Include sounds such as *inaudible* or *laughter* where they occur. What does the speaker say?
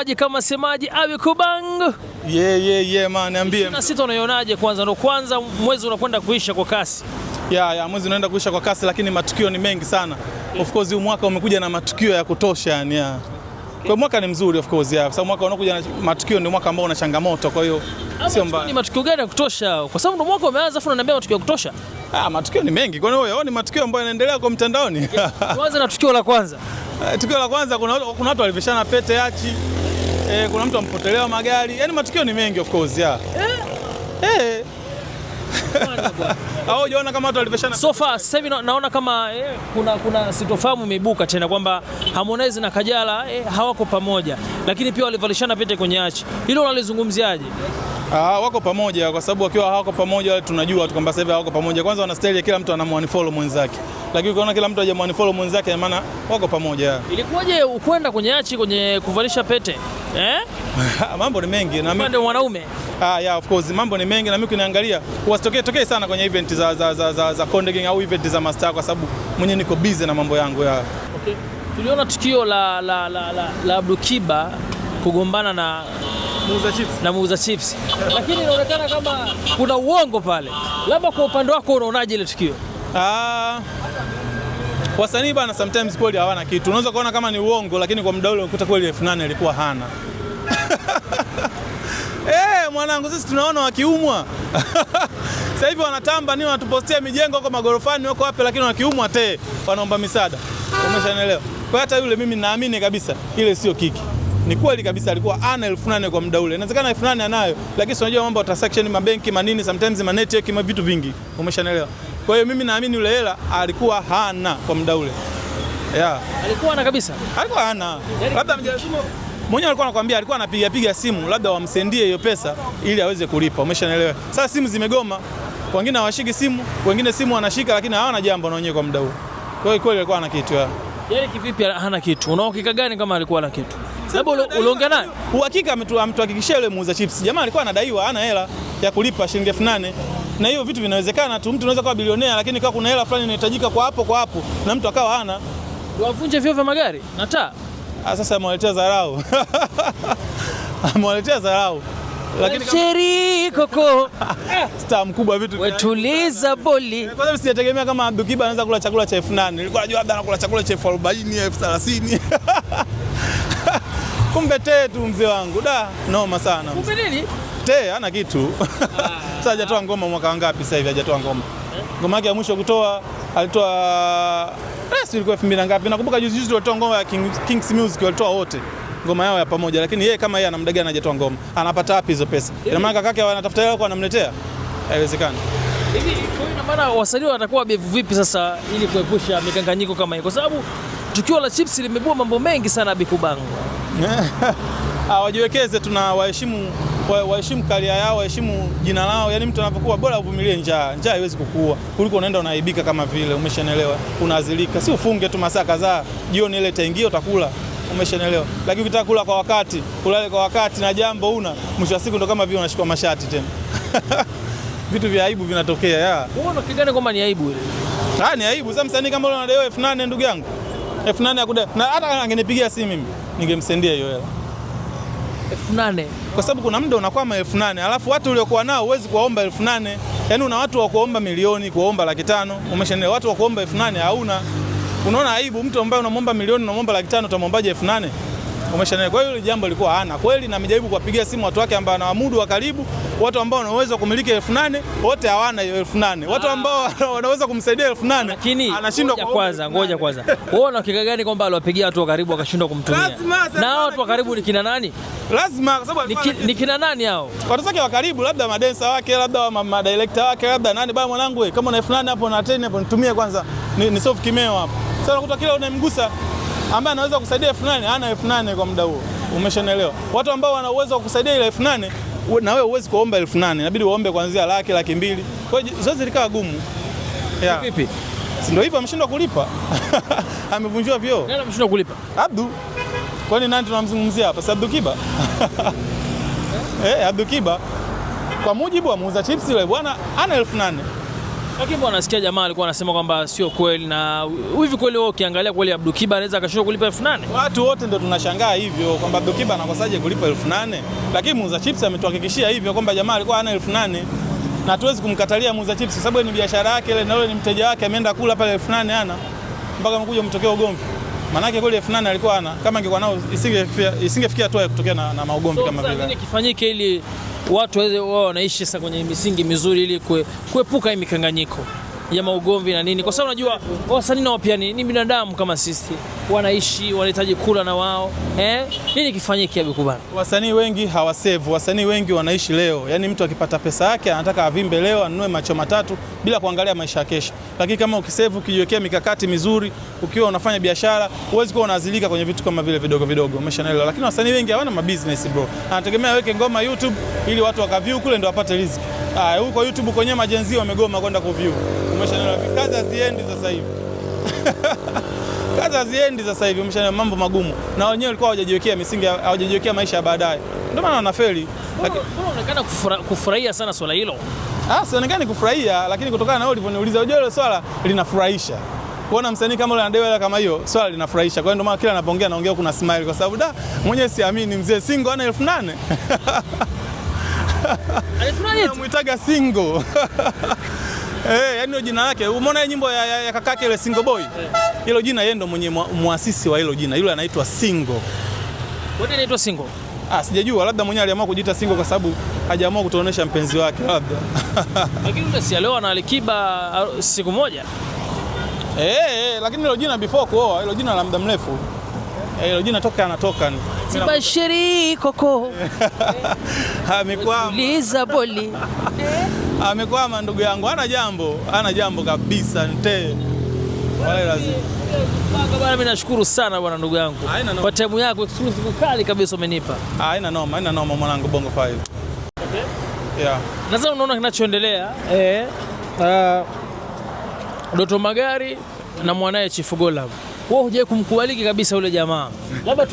Aje Kama semaji awe kubango yeah, yeah, yeah, man, niambie na sita, unaionaje? Kwanza Ndio kwanza mwezi unakwenda kuisha kwa kasi ya yeah, yeah, mwezi unaenda kuisha kwa kasi, lakini matukio ni mengi sana yeah. Of course huu mwaka umekuja na matukio ya kutosha yani yeah. Okay. Kwa mwaka ni mzuri of course yeah, sababu mwaka unakuja na matukio, ni mwaka ambao una changamoto, kwa hiyo sio mbaya. Ni matukio gani ya kutosha? Kwa sababu ndio mwaka umeanza, afu unaniambia matukio ya kutosha. Ah, matukio ni mengi, kwa hiyo ni matukio ambayo yanaendelea kwa mtandaoni. Tuanze na tukio la kwanza. *laughs* Eh, tukio la kwanza kuna kuna watu walivishana pete yachi eh, kuna mtu ampotelewa magari, yaani matukio ni mengi of course ya eh. Eh. *laughs* Au unaona kama watu walipeshana. So far sasa hivi naona kama eh, kuna, kuna sitofahamu imeibuka tena kwamba Harmonize na Kajala eh, hawako pamoja, lakini pia walivalishana pete kwenye achi, hilo unalizungumziaje? Ah, wako pamoja kwa sababu wakiwa hawako pamoja tunajua tu kwamba sasa hivi hawako pamoja. Kwanza wana style, kila mtu anamwani follow mwenzake, lakini ukiona kila mtu follow mwenzake, maana wako pamoja. Ilikuwaje ukwenda kwenye achi kwenye kuvalisha pete? Eh? *laughs* Mambo ni mengi na mimi ndio mwanaume. Ah, yeah, of course. Mambo ni mengi na mimi kuniangalia wasitokee tokee sana kwenye event za za za, za, za Konde Gang au event za Master kwa sababu mwenyewe niko busy na mambo yangu ya. Okay. Tuliona tukio la la la la, la Kiba kugombana na muuza chips. Na muuza chips. Lakini inaonekana kama kuna uongo pale. Labda kwa upande wako unaonaje ile tukio? Ah, wasanii bana sometimes kweli hawana kitu. Unaweza kuona kama ni uongo lakini kwa muda ule ukuta kweli elfu nane ilikuwa hana. *laughs* Eh, mwanangu, sisi tunaona wakiumwa *laughs* sasa hivi wanatamba ni wanatupostia mijengo huko magorofani huko wapi, lakini wakiumwa te wanaomba misaada. Umeshanielewa? Kwa hata yule mimi naamini kabisa ile sio kiki ni kweli kabisa, alikuwa ana elfu nane kwa muda ule. Inawezekana elfu nane anayo, lakini si unajua mambo ya transaction, mabenki, manini, sometimes ma network, ma vitu vingi, umeshanielewa. Kwa hiyo mimi naamini yule hela alikuwa hana kwa muda ule, yeah. alikuwa ana kabisa, alikuwa ana. Yaani labda mjashimo mwenyewe alikuwa anakuambia, alikuwa anapiga piga simu labda wamsendie hiyo pesa ili aweze kulipa, umeshanielewa? Sasa simu zimegoma, wengine hawashiki simu, wengine simu wanashika, lakini hawana jambo na wenyewe kwa muda huo. Kwa hiyo kweli alikuwa ana kitu ya. yaani, kivipi hana kitu? Unaokika gani kama alikuwa na kitu? Sababu uliongea naye uhakika, amtuhakikishia yule muuza chips, jamaa alikuwa anadaiwa hana hela ya kulipa shilingi elfu nane na hiyo vitu vinawezekana tu. Mtu anaweza kuwa bilionea, lakini kwa kuna hela fulani inahitajika kwa hapo kwa hapo, na mtu akawa hana, wavunje vyo vya magari na taa Ah, sasa amewaletea dharau *laughs* amewaletea dharau lakini cheri koko star mkubwa vitu wetuliza boli. Kwanza sijategemea kama Abdukiba anaweza kula chakula cha elfu nane. Nilikuwa najua labda anakula chakula cha elfu arobaini elfu thelathini *laughs* kumbe tee tu mzee wangu, da noma sana. Kumbe nini? Tee hana kitu. Ah. *laughs* Sasa hajatoa ngoma mwaka wangapi sasa hivi hajatoa ngoma. Eh? Ngoma yake ya mwisho kutoa alitoa yes, eh, ilikuwa elfu mbili na ngapi, nakumbuka juzi juzi walitoa ngoma ya King, Kings Music walitoa wote ngoma yao ya pamoja, lakini yeye kama yeye ana muda gani ngoma? Anapata wapi hizo pesa? Ina yaani- maana kakake anatafuta yeye kwa anamletea, haiwezekani. Hivi kwa ina maana wasanii watakuwa bevu vipi sasa ili kuepusha mikanganyiko kama hiyo, kwa sababu tukio la Chips limebua mambo mengi sana Bikubangwa. *laughs* Hawajiwekeze, ah, tuna waheshimu waheshimu kalia yao, waheshimu jina lao. Yani mtu anapokuwa bora uvumilie njaa, njaa haiwezi kukua kuliko unaenda unaibika kama vile, umeshanelewa, unaazilika. Si ufunge tu masaa kadhaa, jioni ile itaingia, utakula umeshanelewa. Lakini ukitaka kula kwa wakati, kulale kwa wakati na jambo una, mwisho wa siku ndo kama vile unashikwa mashati tena *laughs* vitu vya aibu vinatokea ya. Unaona kigani kwamba ni aibu ile? Ah, ni aibu. Sasa msanii kama leo anadaiwa elfu nane ndugu yangu elfu nane na hata angenipigia simu mimi ningemsendia hiyo hela elfu nane kwa sababu kuna muda unakwama elfu nane alafu watu uliokuwa nao huwezi kuwaomba elfu nane yaani una watu wa kuomba milioni kuwaomba laki tano umeshaelewa watu wa kuomba elfu nane hauna unaona aibu mtu ambaye unamwomba milioni unamwomba laki tano utamwombaje elfu nane umeshanene. Kwa hiyo hilo jambo lilikuwa hana kweli, na mjaribu kuwapigia simu watu wake ambao wanawamudu wa karibu, watu ambao wanaweza kumiliki elfu nane wote hawana hiyo elfu nane watu ah. ambao *laughs* wanaweza kumsaidia elfu nane anashindwa. Kwanza ngoja kwanza, wewe una kika gani kwamba aliwapigia watu wa karibu akashindwa kumtumia? Na watu wa karibu ni kina nani? Lazima kwa sababu ni kina nani hao watu wake wa karibu, labda madensa wake, labda wa ma director wake, labda nani, bwana mwanangu, eh, kama una elfu nane hapo na teni hapo nitumie kwanza, ni soft kimeo hapo. Sasa unakuta kila unamgusa ambaye anaweza kusaidia elfu nane ana elfu nane kwa muda huo, umeshanelewa. Watu ambao wana uwezo wa kusaidia ile elfu nane na wewe huwezi kuomba elfu nane inabidi uombe kuanzia laki, laki mbili. Kwa hiyo zoezi likawa gumu. Yeah. Vipi? Ndio hivyo ameshindwa kulipa *laughs* amevunjiwa vyoo. Nani ameshindwa kulipa? Abdu. Kwani nani tunamzungumzia hapa? Si Abdu Kiba? *laughs* Eh, Abdu Kiba. Kwa mujibu wa muuza chips yule bwana ana elfu nane lakini bwana, nasikia jamaa alikuwa anasema kwamba sio kweli, na hivi kweli wewe ukiangalia kweli Abdul Kiba anaweza akashindwa kulipa elfu nane? Watu wote ndio tunashangaa hivyo kwamba Abdul Kiba anakosaje kulipa elfu nane, lakini muuza chips ametuhakikishia hivyo kwamba jamaa alikuwa ana elfu nane na hatuwezi kumkatalia muuza chips sababu ni biashara yake ile, na ni mteja wake, ameenda kula pale elfu nane ana mpaka mkuja mtokee ugomvi Manake kweli elfu nane alikuwa ana, kama angekuwa nao isingefikia isinge hatua ya kutokea na, na maugomvi so, kama vile. Nini kifanyike ili watu wao wanaishi sasa kwenye misingi mizuri ili kuepuka hii mikanganyiko ya maugomvi na nini, kwa sababu unajua wasanii nao pia ni binadamu kama sisi wanaishi wanahitaji kula na wao eh? Nini kifanyike Abiku bana? Wasanii wengi hawasevu, wasanii wengi wanaishi leo. Yaani mtu akipata pesa yake anataka avimbe leo, anunue macho matatu bila kuangalia maisha ya kesho. Lakini kama ukisevu, ukijiwekea mikakati mizuri, ukiwa unafanya biashara, huwezi kuwa unazilika kwenye vitu kama vile vidogo vidogo, umeshanaelewa. Lakini wasanii wengi hawana mabusiness bro, anategemea aweke ngoma YouTube ili watu wakaview kule, ndio wapate riziki. Ah, huko YouTube kwenye majenzi wamegoma kwenda kuview, umeshanaelewa, kazi haziendi sasa hivi *laughs* kazi haziendi sasa hivi, umeshana mambo magumu, na wenyewe walikuwa hawajajiwekea misingi, hawajajiwekea maisha ya baadaye, ndio maana wanafeli. Unaonekana kufura, kufurahia sana swala hilo. Ah, sionekani kufurahia, lakini kutokana na wewe ulivyoniuliza, unajua hilo swala linafurahisha kuona msanii kama yule anadai hela kama hiyo swala linafurahisha. Kwa hiyo ndio maana kila anapoongea anaongea kuna smile, kwa sababu da mwenyewe siamini mzee singo ana elfu nane *laughs* namwitaga singo *laughs* Eh, eh yani ndio jina lake. Umeona nyimbo ya, ya, ya kakake ile Single Boy? Hilo Jina yeye ndo mwenye muasisi wa hilo jina. Yule anaitwa Single. Wote anaitwa Single. Ah, sijajua labda mwenyewe aliamua kujiita Single kwa sababu hajaamua kutuonesha mpenzi wake labda. *laughs* Lakini yule si leo na Alikiba ah, siku moja. Eh, hey, eh, lakini hilo jina before kuoa, hilo jina la muda mrefu. Eh, hilo jina toka anatoka ni. Tibashiri koko *laughs* amekwama, liza boli eh? amekwama. Ndugu yangu ana jambo, ana jambo kabisa nte wala lazima Bwana, mimi nashukuru sana bwana, ndugu yangu kwa time yako exclusive kali kabisa umenipa. Ah, Haina noma, haina noma mwanangu, Bongo 5. Okay. Yeah. Na sasa unaona kinachoendelea eh, uh, Doto Magari na mwanaye Chifu Gola. Wewe hujai kumkubaliki kabisa yule jamaa. Labda